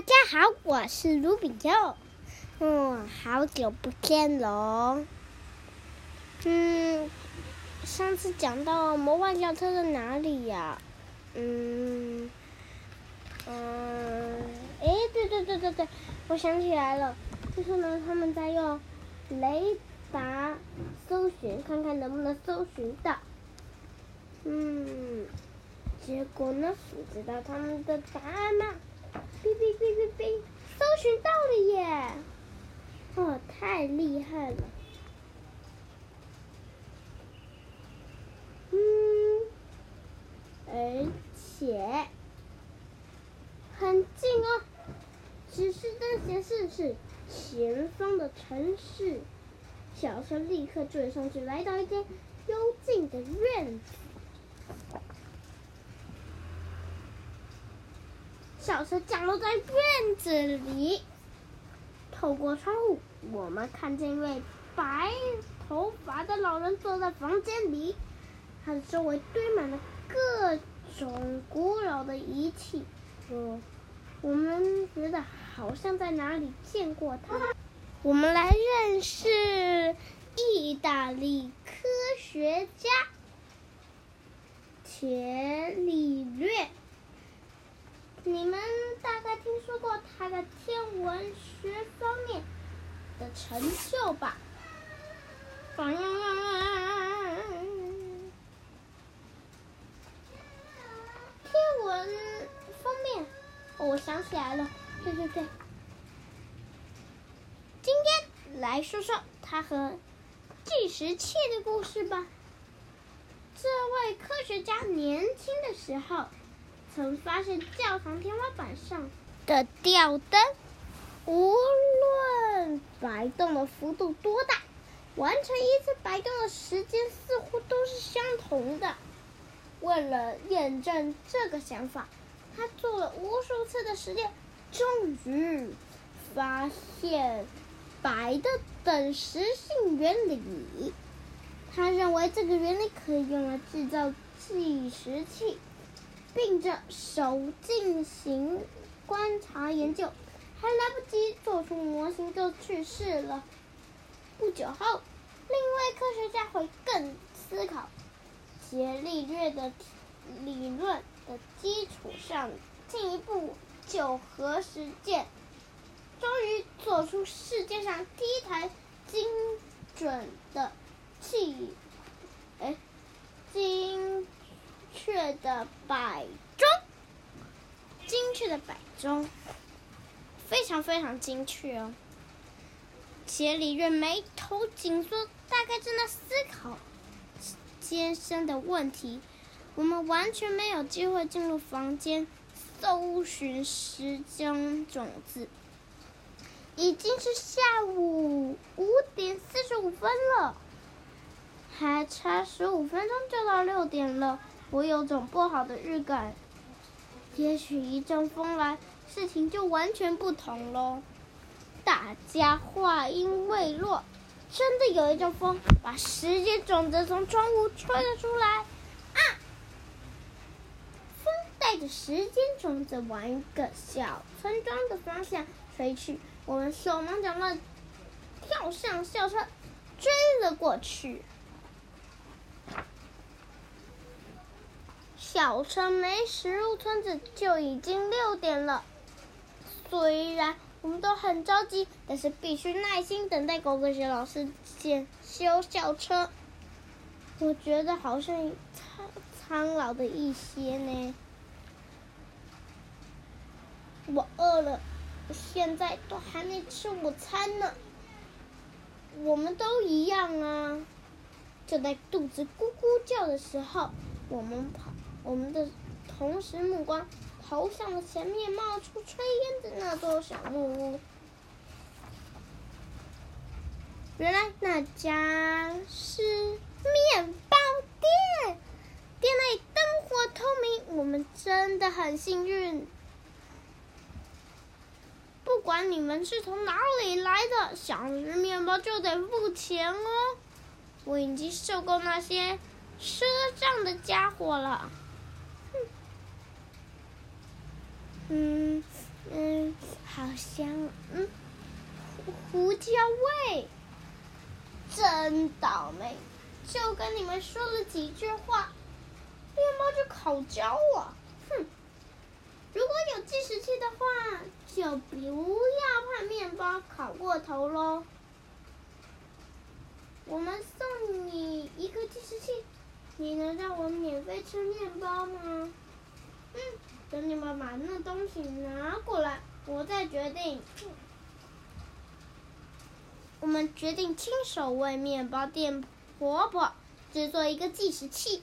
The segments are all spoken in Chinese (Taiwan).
大家好，我是盧比奧。嗯，好久不見嘍、哦。嗯，上次講到魔幻校車在哪裡呀、啊？嗯，嗯，哎，對對對對對，我想起來了，就是呢，他們在用雷達搜尋，看看能不能搜尋到。嗯，結果呢，你知道他們的答案嗎？嗶嗶嗶嗶嗶，搜尋到了耶！哦，太厲害了！嗯，而且很近哦，指示燈顯示是前方的城市。小車立刻追上去，來到一間幽靜的院子。小車降落在院子裡。透過窗戶，我們看見一位白頭髮的老人坐在房間裡，他的周圍堆滿了各種古老的儀器。我，我們覺得好像在哪裡見過他。我們來認識意大利科學家伽利略。你們大概聽說過他的天文學方面的成就吧？天文方面，哦，我想起來了，對對對。今天來說說他和計時器的故事吧。這位科學家年輕的時候，曾發現教堂天花板上的吊燈，無論擺動的幅度多大，完成一次擺動的時間似乎都是相同的。為了驗證這個想法，他做了無數次的實驗，終於發現擺的等時性原理。他認為這個原理可以用來製造計時器。並着手進行觀察研究，還來不及做出模型就去世了。不久後，另一位科學家惠更斯，在，伽利略的理論的基礎上進一步求和實踐，終於做出世界上第一台精準的器，哎，精。確的擺鐘，精確的擺鐘，非常非常精確哦。伽利略眉頭緊鎖，大概正在思考艱深的問題。我們完全沒有機會進入房間搜尋時間種、種子。已經是下午五點四十五分了，還差十五分鐘就到六點了。我有種不好的預感，也許一陣風來，事情就完全不同咯。大家話音未落，真的有一陣風把時間種子從窗戶吹了出來。啊！風帶着時間種子往一個小村莊的方向飛去，我們手忙腳亂跳上校車，追了過去。校車沒駛入村子就已經六點了。雖然我們都很着急，但是必須耐心等待狗科學老師檢修校車。我覺得好像蒼蒼老的一些呢。我餓了，我現在都還沒吃午餐呢。我們都一樣啊！就在肚子咕咕叫的時候，我們。我們的同時目光投向了前面冒出炊煙的那座小木屋。原來那家是麵包店，店內燈火通明。我們真的很幸運。不管你們是從哪裡來的，想吃麵包就得付錢哦。我已經受夠那些賒賬的家伙了。嗯嗯，好香嗯，胡，胡椒味。真倒霉，就跟你們說了幾句話，麵包就烤焦了。哼，如果有計時器的話，就不要怕麵包烤過頭嘍。我們送你一個計時器，你能讓我免費吃麵包嗎？嗯。等你們把那東西拿過來，我再決定。我們決定親手為麵包店婆婆制作一個計時器，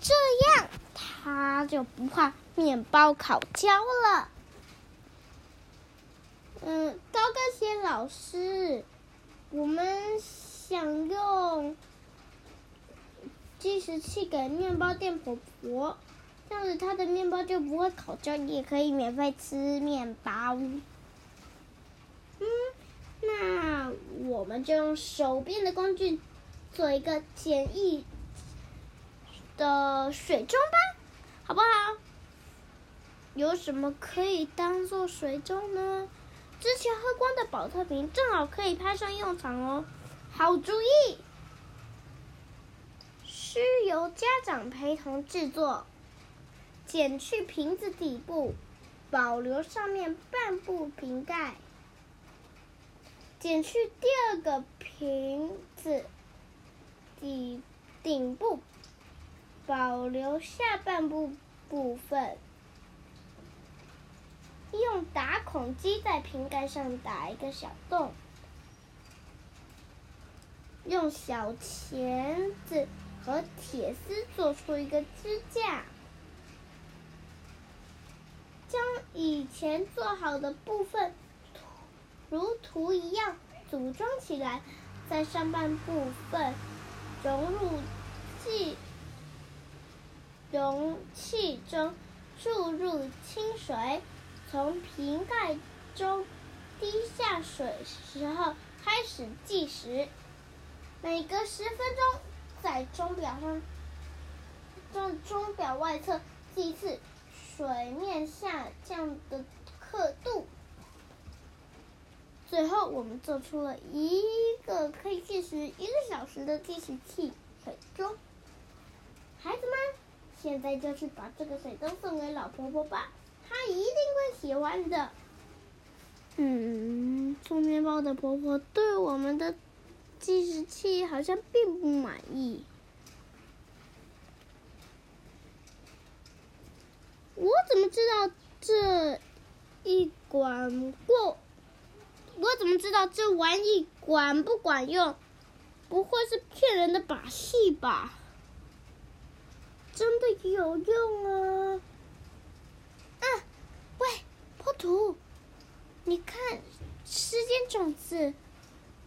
這樣她就不怕麵包烤焦了。嗯，高跟鞋老師，我們想用計時器給麵包店婆婆。這樣子，它的麵包就不會烤焦，你也可以免費吃麵包。嗯，那我們就用手邊的工具做一個簡易的水鐘吧，好不好？有什麼可以當做水鐘呢？之前喝光的寶特瓶正好可以派上用場哦。好主意，需由家長陪同制作。剪去瓶子底部，保留上面半部瓶蓋；剪去第二個瓶子底頂部，保留下半部部分。用打孔機在瓶蓋上打一個小洞，用小鉗子和鐵絲做出一個支架。以前做好的部分，圖如圖一樣組裝起來，在上半部分融入計融氣容器中，注入清水，從瓶蓋中滴下水時候開始計時，每隔十分鐘在鐘錶上鐘鐘錶外側計次。水面下降的刻度。最後，我們做出了一個可以計時一個小時的計時器水鐘。孩子們，現在就去把這個水鐘送給老婆婆吧，她一定會喜歡的。嗯，做麵包的婆婆對我們的計時器好像並不滿意。我怎麼知道這一管過？我怎麼知道這玩意管不管用？不會是騙人的把戲吧？真的有用啊！嗯，喂，破土，你看時間種子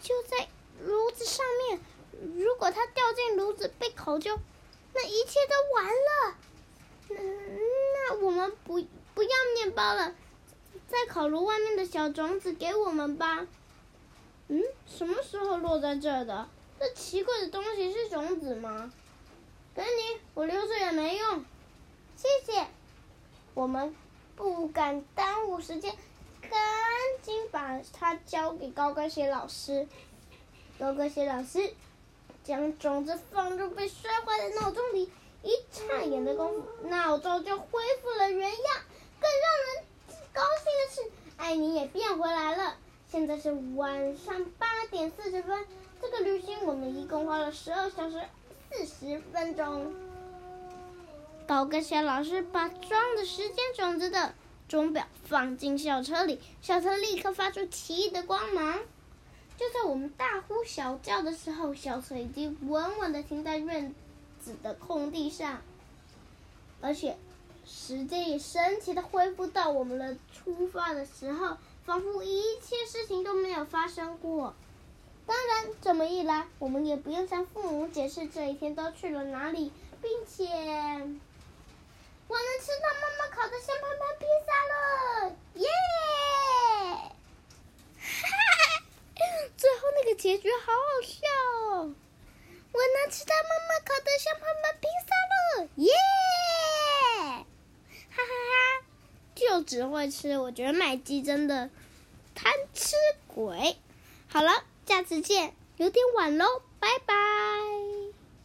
就在爐子上面，如果它掉進爐子被烤焦，那一切都完了。嗯。我們不不要麵包了，在烤爐外面的小種子給我們吧。嗯，什麼時候落在這的？這奇怪的東西是種子嗎？給你，我留着也沒用。謝謝。我們不敢耽誤時間，趕緊把它交給高跟鞋老師。高跟鞋老師將種子放入被摔壞的鬧鐘裡。一眨眼的功夫，鬧鐘就恢復了原樣。更讓人高興的是，艾妮也變回來了。現在是晚上八點四十分。這個旅行我們一共花了十二小時四十分鐘。高跟鞋老師把裝著時間種子的鐘錶放進校車裡，校車立刻發出奇異的光芒。就在我們大呼小叫的時候，校車已經穩穩地停在院的空地上，而且時間也神奇的恢復到我們的出發的時候，仿佛一切事情都沒有發生過。當然，這麼一來，我們也不用向父母解釋這一天都去了哪裡，並且我能吃到媽媽烤的香噴噴披薩了！耶！哈哈，最後那個結局好好笑哦。我能吃到媽媽烤的香噴噴披薩了，耶！哈哈哈，就只會吃，我覺得麥基真的貪吃鬼。好了，下次見，有點晚嘍，拜拜。